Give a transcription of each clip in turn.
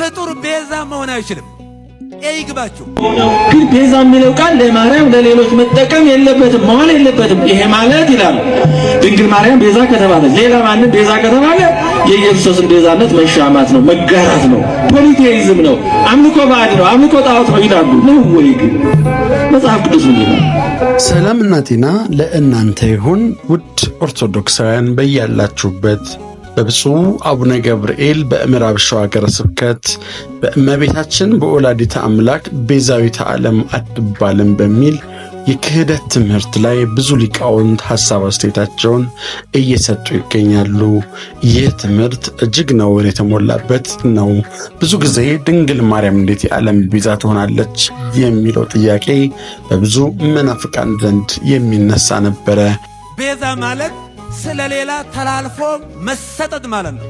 ፍጡር ቤዛ መሆን አይችልም። ይግባችሁ። ግን ቤዛ የሚለው ቃል ለማርያም ለሌሎች መጠቀም የለበትም መሆን የለበትም። ይሄ ማለት ይላሉ ድንግል ማርያም ቤዛ ከተባለ ሌላ ማንም ቤዛ ከተባለ የኢየሱስን ቤዛነት መሻማት ነው፣ መጋራት ነው፣ ፖሊቴይዝም ነው፣ አምልኮ ባዕድ ነው፣ አምልኮ ጣዖት ነው ይላሉ። ነው ወይ ግን መጽሐፍ ቅዱስ ምን ይላል? ሰላምና ጤና ለእናንተ ይሁን ውድ ኦርቶዶክሳውያን በያላችሁበት በብፁዕ አቡነ ገብርኤል በምዕራብ ሸዋ ሀገረ ስብከት በእመቤታችን በወላዲተ አምላክ ቤዛዊተ ዓለም አትባልም በሚል የክህደት ትምህርት ላይ ብዙ ሊቃውንት ሐሳብ አስተያየታቸውን እየሰጡ ይገኛሉ። ይህ ትምህርት እጅግ ነውር የተሞላበት ነው። ብዙ ጊዜ ድንግል ማርያም እንዴት የዓለም ቤዛ ትሆናለች የሚለው ጥያቄ በብዙ መናፍቃን ዘንድ የሚነሳ ነበረ። ቤዛ ማለት ስለሌላ ተላልፎ መሰጠት ማለት ነው።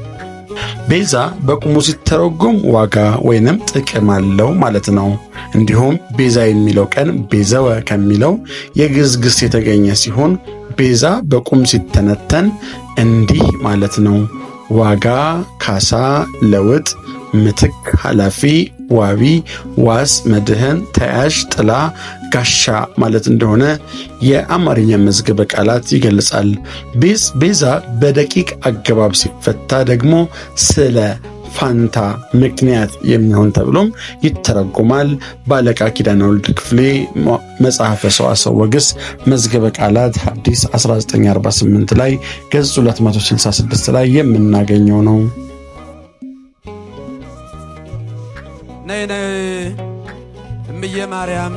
ቤዛ በቁሙ ሲተረጎም ዋጋ ወይንም ጥቅም አለው ማለት ነው። እንዲሁም ቤዛ የሚለው ቀን ቤዘወ ከሚለው የግዕዝ ግስ የተገኘ ሲሆን ቤዛ በቁም ሲተነተን እንዲህ ማለት ነው። ዋጋ፣ ካሳ፣ ለውጥ፣ ምትክ፣ ኃላፊ፣ ዋቢ፣ ዋስ፣ መድህን፣ ተያዥ፣ ጥላ፣ ጋሻ ማለት እንደሆነ የአማርኛ መዝገበ ቃላት ይገልጻል። ቤዛ በደቂቅ አገባብ ሲፈታ ደግሞ ስለ ፋንታ ምክንያት የሚሆን ተብሎም ይተረጎማል። በአለቃ ኪዳነ ወልድ ክፍሌ መጽሐፈ ሰው ወግስ መዝገበ ቃላት ሐዲስ 1948 ላይ ገጽ 266 ላይ የምናገኘው ነው። ነይ ነይ ማርያም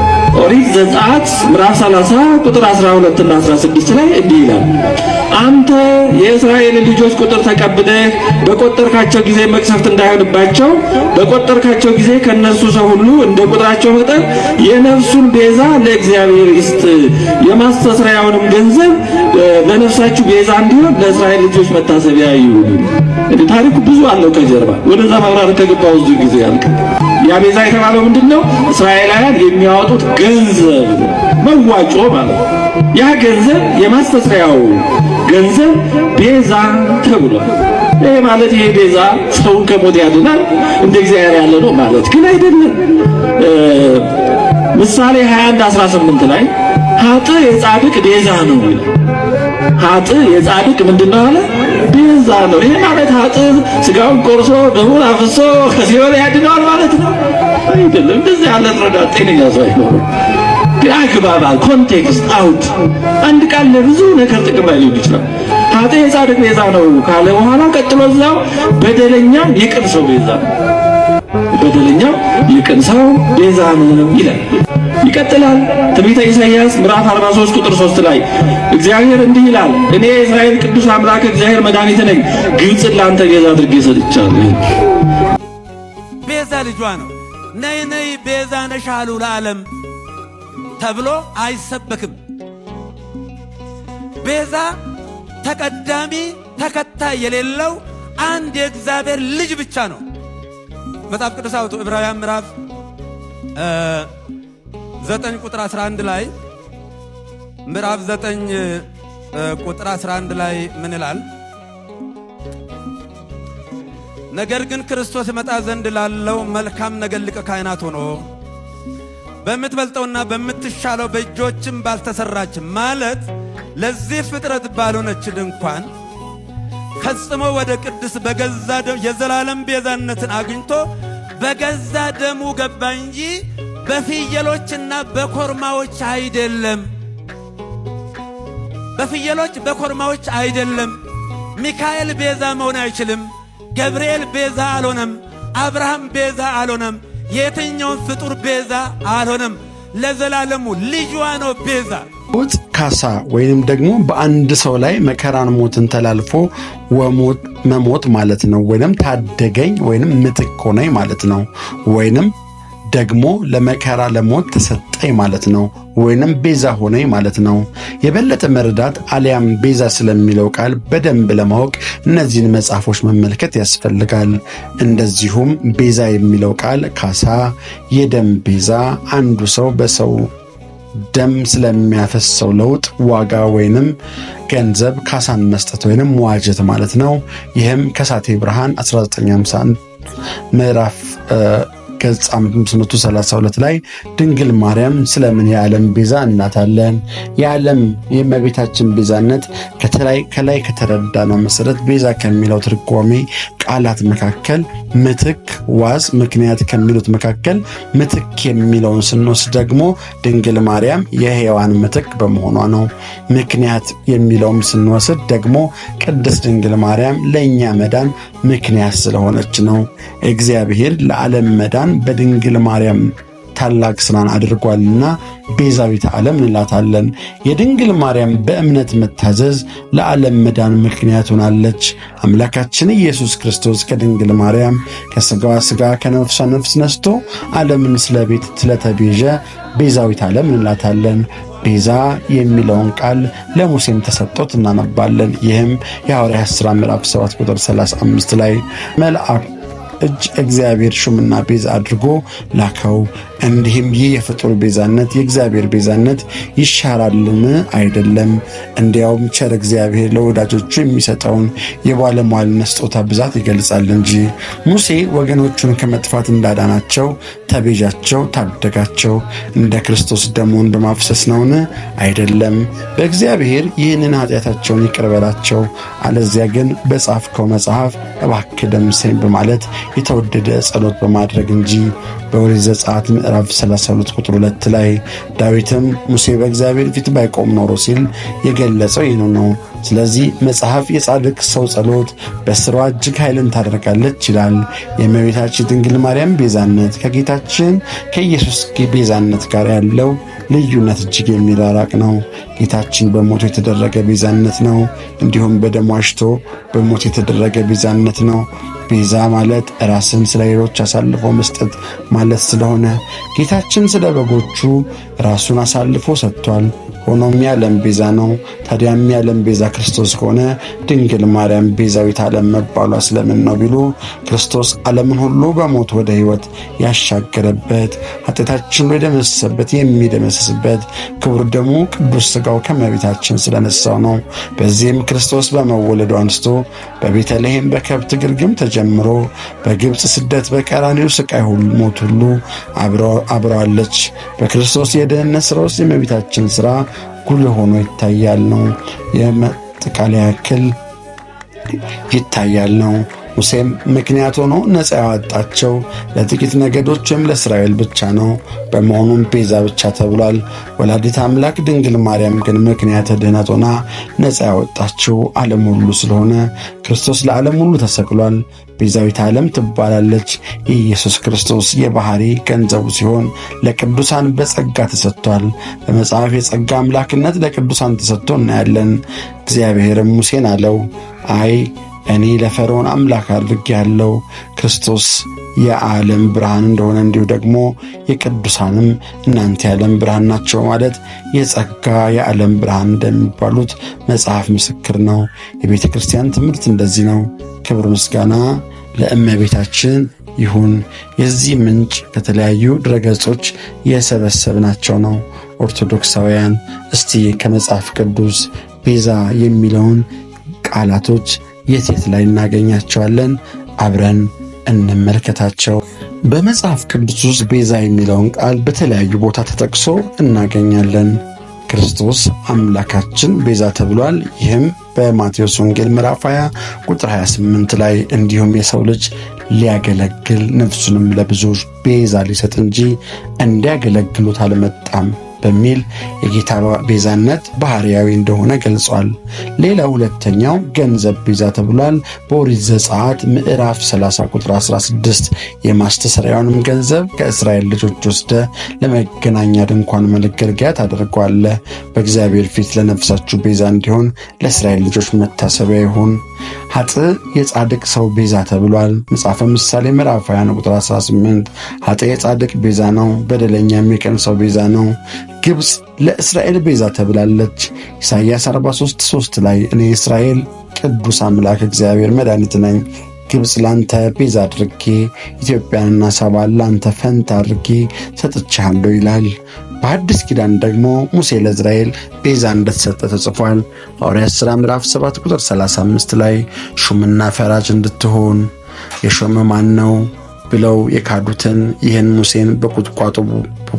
ኦሪት ዘጸአት ምዕራፍ 30 ቁጥር 12 እና 16 ላይ እንዲህ ይላል፣ አንተ የእስራኤል ልጆች ቁጥር ተቀብለህ በቆጠርካቸው ጊዜ መቅሰፍት እንዳይሆንባቸው በቆጠርካቸው ጊዜ ከነሱ ሰው ሁሉ እንደ ቁጥራቸው መጠን የነፍሱን ቤዛ ለእግዚአብሔር ይስጥ፣ የማስተስሪያውንም ገንዘብ ለነፍሳችሁ ቤዛ እንዲሆን ለእስራኤል ልጆች መታሰቢያ ይሁን። እንዴ ታሪኩ ብዙ አለው ከጀርባ ወደዛ ማብራር ከገባው ብዙ ጊዜ ያቤዛ የተባለው ምንድን ነው? እስራኤላውያን የሚያወጡት ገንዘብ መዋጮ ማለት ነው። ያ ገንዘብ የማስተስሪያው ገንዘብ ቤዛ ተብሏል። ይሄ ማለት ይሄ ቤዛ ሰውን ከሞት ያድናል እንደ እግዚአብሔር ያለ ነው ማለት ግን አይደለም። ምሳሌ 21 18 ላይ ሀጥ የጻድቅ ቤዛ ነው ሀጥ የጻድቅ ምንድነው አለ ቤዛ ነው። ይህ ማለት ሀጥ ስጋውን ቆርሶ ደሙን አፍሶ ከሲኦል ያድነዋል ማለት ነው አይደለም። እንደዚህ ያለ ረዳ ጤነኛ ሰው አይኖርም። አግባባል፣ ኮንቴክስት አውት አንድ ቃል ለብዙ ነገር ጥቅም ላይ ሊሆን ይችላል። ሀጥ የጻድቅ ቤዛ ነው ካለ በኋላ ቀጥሎ እዛው በደለኛ የቅን ሰው ቤዛ ነው፣ በደለኛ የቅን ሰው ቤዛ ነው ይላል። ይቀጥላል። ትንቢተ ኢሳይያስ ምዕራፍ 43 ቁጥር 3 ላይ እግዚአብሔር እንዲህ ይላል፣ እኔ የእስራኤል ቅዱስ አምላክ እግዚአብሔር መድኃኒት ነኝ፣ ግብፅን ለአንተ ቤዛ አድርጌ ሰጥቻለሁ። ቤዛ ልጇ ነው። ነይ ነይ ቤዛ ነሽ አሉ ለዓለም ተብሎ አይሰበክም። ቤዛ ተቀዳሚ ተከታይ የሌለው አንድ የእግዚአብሔር ልጅ ብቻ ነው። መጽሐፍ ቅዱስ አውጡ ዕብራውያን ምዕራፍ ዘጠኝ ቁጥር 11 ላይ ምዕራፍ ዘጠኝ ቁጥር 11 ላይ ምን ይላል? ነገር ግን ክርስቶስ ይመጣ ዘንድ ላለው መልካም ነገር ሊቀ ካህናት ሆኖ በምትበልጠውና በምትሻለው በእጆችም ባልተሰራች ማለት ለዚህ ፍጥረት ባልሆነችን እንኳን ፈጽሞ ወደ ቅድስ በገዛ ደም የዘላለም ቤዛነትን አግኝቶ በገዛ ደሙ ገባ እንጂ በፍየሎችና በኮርማዎች አይደለም፣ በፍየሎች በኮርማዎች አይደለም። ሚካኤል ቤዛ መሆን አይችልም። ገብርኤል ቤዛ አልሆነም። አብርሃም ቤዛ አልሆነም። የትኛውን ፍጡር ቤዛ አልሆነም። ለዘላለሙ ልጇ ነው ቤዛ። ሞት ካሳ ወይንም ደግሞ በአንድ ሰው ላይ መከራን ሞትን ተላልፎ መሞት ማለት ነው። ወይንም ታደገኝ ወይንም ምትክ ሆነኝ ማለት ነው። ወይንም ደግሞ ለመከራ ለሞት ተሰጠኝ ማለት ነው፣ ወይንም ቤዛ ሆነኝ ማለት ነው። የበለጠ መረዳት አሊያም ቤዛ ስለሚለው ቃል በደንብ ለማወቅ እነዚህን መጽሐፎች መመልከት ያስፈልጋል። እንደዚሁም ቤዛ የሚለው ቃል ካሳ፣ የደም ቤዛ አንዱ ሰው በሰው ደም ስለሚያፈሰው ለውጥ ዋጋ ወይንም ገንዘብ ካሳን መስጠት ወይንም መዋጀት ማለት ነው። ይህም ከሳቴ ብርሃን 1951 ምዕራፍ ገጽ 532 ላይ ድንግል ማርያም ስለምን የዓለም ቤዛ እናታለን? የዓለም የእመቤታችን ቤዛነት ከላይ ከተረዳነው መሰረት ቤዛ ከሚለው ትርጓሜ ቃላት መካከል ምትክ፣ ዋዝ ምክንያት ከሚሉት መካከል ምትክ የሚለውን ስንወስድ ደግሞ ድንግል ማርያም የሔዋን ምትክ በመሆኗ ነው። ምክንያት የሚለውም ስንወስድ ደግሞ ቅድስት ድንግል ማርያም ለእኛ መዳን ምክንያት ስለሆነች ነው። እግዚአብሔር ለዓለም መዳን በድንግል ማርያም ታላቅ ስራን አድርጓልና ቤዛዊት ዓለም እንላታለን። የድንግል ማርያም በእምነት መታዘዝ ለዓለም መዳን ምክንያት ሆናለች። አምላካችን ኢየሱስ ክርስቶስ ከድንግል ማርያም ከሥጋዋ ሥጋ ከነፍሷ ነፍስ ነስቶ ዓለምን ስለ ቤት ስለተቤዠ ቤዛዊት ዓለም እንላታለን። ቤዛ የሚለውን ቃል ለሙሴም ተሰጥቶት እናነባለን። ይህም የሐዋርያት ሥራ ምዕራፍ 7 ቁጥር 35 ላይ መልአክ እጅ እግዚአብሔር ሹምና ቤዛ አድርጎ ላከው እንዲህም ይህ የፍጡር ቤዛነት የእግዚአብሔር ቤዛነት ይሻራልን አይደለም? እንዲያውም ቸር እግዚአብሔር ለወዳጆቹ የሚሰጠውን የባለሟልነት ስጦታ ብዛት ይገልጻል እንጂ። ሙሴ ወገኖቹን ከመጥፋት እንዳዳናቸው ተቤዣቸው፣ ታደጋቸው እንደ ክርስቶስ ደሙን በማፍሰስ ነውን? አይደለም። በእግዚአብሔር ይህንን ኃጢአታቸውን ይቅርበላቸው፣ አለዚያ ግን በጻፍከው መጽሐፍ እባክህ ደምሰኝ በማለት የተወደደ ጸሎት በማድረግ እንጂ በኦሪት ዘጸአት ምዕራፍ 32 ቁጥር 2 ላይ ዳዊትም ሙሴ በእግዚአብሔር ፊት ባይቆም ኖሮ ሲል የገለጸው ይህን ነው። ስለዚህ መጽሐፍ የጻድቅ ሰው ጸሎት በስሯ እጅግ ኃይልን ታደርጋለች ይላል። የእመቤታችን ድንግል ማርያም ቤዛነት ከጌታችን ከኢየሱስ ቤዛነት ጋር ያለው ልዩነት እጅግ የሚራራቅ ነው። ጌታችን በሞቱ የተደረገ ቤዛነት ነው። እንዲሁም በደሙ አሽቶ በሞቱ የተደረገ ቤዛነት ነው። ቤዛ ማለት ራስን ስለ ሌሎች አሳልፎ መስጠት ማለት ስለሆነ ጌታችን ስለ በጎቹ ራሱን አሳልፎ ሰጥቷል። ሆኖም የዓለም ቤዛ ነው። ታዲያም የዓለም ቤዛ ክርስቶስ ከሆነ ድንግል ማርያም ቤዛዊት ዓለም መባሏ ስለምን ነው ቢሉ ክርስቶስ ዓለምን ሁሉ በሞት ወደ ሕይወት ያሻገረበት ኃጢአታችን ሁሉ የደመሰሰበት የሚደመስስበት ክቡር ደሙ ቅዱስ ሥጋው ከመቤታችን ስለነሳው ነው። በዚህም ክርስቶስ በመወለዱ አንስቶ በቤተልሔም በከብት ግርግም ተጀምሮ በግብፅ ስደት በቀራኒው ስቃይ ሞት ሁሉ አብረዋለች። በክርስቶስ የደህንነት ሥራ ውስጥ የመቤታችን ሥራ ጉልህ ሆኖ ይታያል ነው የመጥቃለያ ያክል ይታያል ነው። ሙሴም ምክንያት ሆኖ ነፃ ያወጣቸው ለጥቂት ነገዶች ወይም ለእስራኤል ብቻ ነው። በመሆኑም ቤዛ ብቻ ተብሏል። ወላዲት አምላክ ድንግል ማርያም ግን ምክንያተ ድህነት ሆና ነፃ ያወጣችው ዓለም ሁሉ ስለሆነ ክርስቶስ ለዓለም ሁሉ ተሰቅሏል። ቤዛዊት ዓለም ትባላለች። የኢየሱስ ክርስቶስ የባህሪ ገንዘቡ ሲሆን ለቅዱሳን በጸጋ ተሰጥቷል። በመጽሐፍ የጸጋ አምላክነት ለቅዱሳን ተሰጥቶ እናያለን። እግዚአብሔርም ሙሴን አለው አይ እኔ ለፈርዖን አምላክ አድርጌ ያለው ክርስቶስ የዓለም ብርሃን እንደሆነ እንዲሁ ደግሞ የቅዱሳንም እናንተ የዓለም ብርሃን ናቸው ማለት የጸጋ የዓለም ብርሃን እንደሚባሉት መጽሐፍ ምስክር ነው። የቤተ ክርስቲያን ትምህርት እንደዚህ ነው። ክብር ምስጋና ለእመቤታችን ይሁን። የዚህ ምንጭ ከተለያዩ ድረገጾች የሰበሰብናቸው ነው። ኦርቶዶክሳውያን እስቲ ከመጽሐፍ ቅዱስ ቤዛ የሚለውን ቃላቶች የት ላይ እናገኛቸዋለን? አብረን እንመልከታቸው። በመጽሐፍ ቅዱስ ውስጥ ቤዛ የሚለውን ቃል በተለያዩ ቦታ ተጠቅሶ እናገኛለን። ክርስቶስ አምላካችን ቤዛ ተብሏል። ይህም በማቴዎስ ወንጌል ምዕራፍ 20 ቁጥር 28 ላይ እንዲሁም የሰው ልጅ ሊያገለግል ነፍሱንም ለብዙዎች ቤዛ ሊሰጥ እንጂ እንዲያገለግሉት አልመጣም በሚል የጌታ ቤዛነት ባህርያዊ እንደሆነ ገልጿል። ሌላ ሁለተኛው ገንዘብ ቤዛ ተብሏል። በኦሪት ዘጸአት ምዕራፍ 30 ቁጥር 16 የማስተሰሪያውንም ገንዘብ ከእስራኤል ልጆች ወስደ ለመገናኛ ድንኳን መለገልገያ ታደርገዋለህ። በእግዚአብሔር ፊት ለነፍሳችሁ ቤዛ እንዲሆን ለእስራኤል ልጆች መታሰቢያ ይሁን። ሀጥ የጻድቅ ሰው ቤዛ ተብሏል። መጽሐፈ ምሳሌ ምዕራፍ 20 ቁጥር 18 ሀጥ የጻድቅ ቤዛ ነው፣ በደለኛ የሚቀን ሰው ቤዛ ነው። ግብፅ ለእስራኤል ቤዛ ተብላለች። ኢሳይያስ 43፥3 ላይ እኔ እስራኤል ቅዱስ አምላክ እግዚአብሔር መድኃኒት ነኝ፣ ግብፅ ላንተ ቤዛ አድርጌ ኢትዮጵያንና ሰባን ላንተ ፈንታ አድርጌ ሰጥቻለሁ ይላል። በአዲስ ኪዳን ደግሞ ሙሴ ለእስራኤል ቤዛ እንደተሰጠ ተጽፏል። ሐዋርያት ሥራ ምዕራፍ 7 ቁጥር 35 ላይ ሹምና ፈራጅ እንድትሆን የሾመ ማን ነው ብለው የካዱትን ይህን ሙሴን በቁጥቋጦ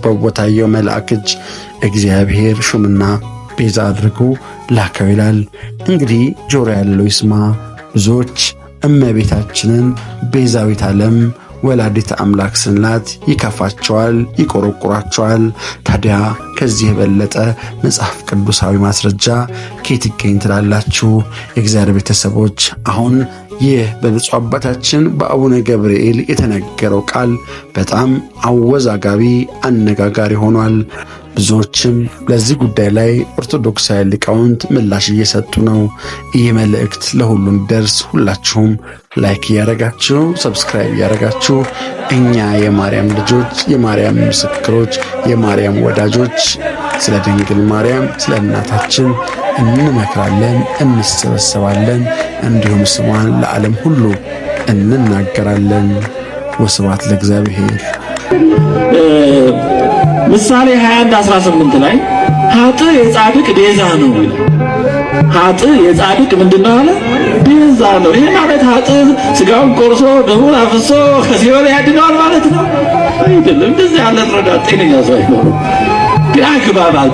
በቦታየው መልአክ እጅ እግዚአብሔር ሹምና ቤዛ አድርጎ ላከው ይላል። እንግዲህ ጆሮ ያለው ይስማ። ብዙዎች እመቤታችንን ቤዛዊት ዓለም ወላዲት አምላክ ስንላት ይከፋቸዋል፣ ይቆረቁራቸዋል። ታዲያ ከዚህ የበለጠ መጽሐፍ ቅዱሳዊ ማስረጃ ከየት ይገኝ ትላላችሁ? የእግዚአብሔር ቤተሰቦች አሁን ይህ በብፁዕ አባታችን በአቡነ ገብርኤል የተነገረው ቃል በጣም አወዛጋቢ አነጋጋሪ ሆኗል። ብዙዎችም ለዚህ ጉዳይ ላይ ኦርቶዶክሳዊ ሊቃውንት ምላሽ እየሰጡ ነው። ይህ መልእክት ለሁሉም ደርስ ሁላችሁም ላይክ እያረጋችሁ ሰብስክራይብ እያረጋችሁ እኛ የማርያም ልጆች፣ የማርያም ምስክሮች፣ የማርያም ወዳጆች ስለ ድንግል ማርያም ስለ እናታችን እንመክራለን፣ እንሰበሰባለን፣ እንዲሁም ስሟን ለዓለም ሁሉ እንናገራለን። ወስብሐት ለእግዚአብሔር። ምሳሌ 21 18 ላይ ሀጥ የጻድቅ ቤዛ ነው ይላል። ሀጥ የጻድቅ ምንድነው አለ ቤዛ ነው። ይሄ ማለት ሀጥ ስጋውን ቆርሶ ደሙን አፍሶ ከሲኦል ያድነዋል ማለት ነው አይደለም። እንደዚህ ያለ ረዳት ጤነኛ ሰው አይኖርም። ግራ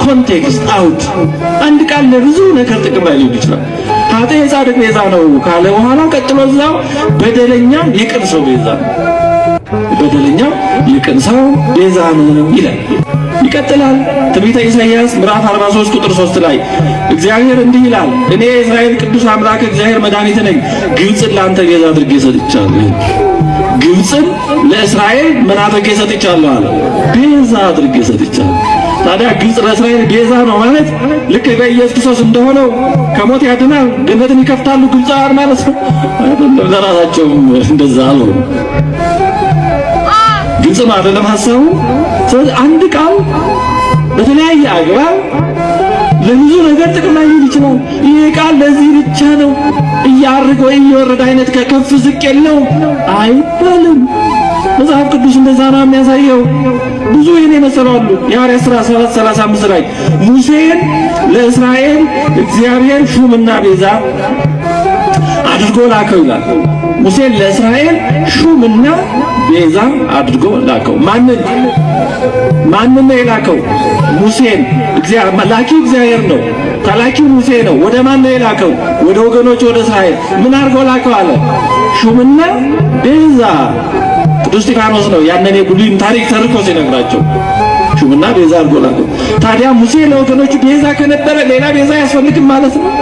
ኮንቴክስት አውት አንድ ቃል ለብዙ ነገር ጥቅም ላይ ሊውል ይችላል። ሀጥ የጻድቅ ቤዛ ነው ካለ በኋላ ቀጥሎ እዛው በደለኛ ይቅር ሰው ቤዛ ነው በደለኛው ይቅን ሰው ቤዛ ነው ይላል። ይቀጥላል። ትንቢተ ኢሳይያስ ምዕራፍ 43 ቁጥር 3 ላይ እግዚአብሔር እንዲህ ይላል፣ እኔ የእስራኤል ቅዱስ አምላክ እግዚአብሔር መድኃኒት ነኝ፣ ግብፅን ለአንተ ቤዛ አድርጌ ሰጥቻለሁ። ግብፅን ለእስራኤል ምን አድርጌ ሰጥቻለሁ አለ፣ ቤዛ አድርጌ ሰጥቻለሁ። ታዲያ ግብፅ ለእስራኤል ቤዛ ነው ማለት ልክ በኢየሱስ ክርስቶስ እንደሆነው ከሞት ያድናል፣ ገነትን ይከፍታሉ ግብፃውያን ማለት ነው። ለራሳቸውም እንደዛ አልሆነ ግልጽ ነው አይደለም ሐሳቡ። ስለዚህ አንድ ቃል በተለያየ አግባብ ለብዙ ነገር ጥቅም ላይ ሊውል ይችላል። ይሄ ቃል ለዚህ ብቻ ነው እያርግ ወይ እየወረደ አይነት ከከፍ ዝቅ የለውም አይባልም። መጽሐፍ ቅዱስ እንደዛ ነው የሚያሳየው። ብዙ ይህን የመሰሉ አሉ። የሐዋርያት ሥራ 7 35 ላይ ሙሴን ለእስራኤል እግዚአብሔር ሹምና ቤዛ አድርጎ ላከው ይላል። ሙሴን ለእስራኤል ሹምና ቤዛ አድርጎ ላከው። ማንን ማንን ነው የላከው? ሙሴን። ላኪ እግዚአብሔር ነው፣ ተላኪ ሙሴ ነው። ወደ ማን ነው የላከው? ወደ ወገኖች፣ ወደ እስራኤል። ምን አድርጎ ላከው አለ? ሹምና ቤዛ። ቅዱስ እስጢፋኖስ ነው ያንን የብሉይን ታሪክ ተርኮ ሲነግራቸው ሹምና ቤዛ አድርጎ ላከው። ታዲያ ሙሴ ለወገኖቹ ቤዛ ከነበረ ሌላ ቤዛ አያስፈልግም ማለት ነው።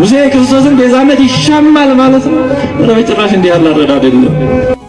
ሙሴ የክርስቶስን ቤዛነት ይሻማል ማለት ነው። ኧረ በጭራሽ እንዲህ ያለ አረዳ አይደለም።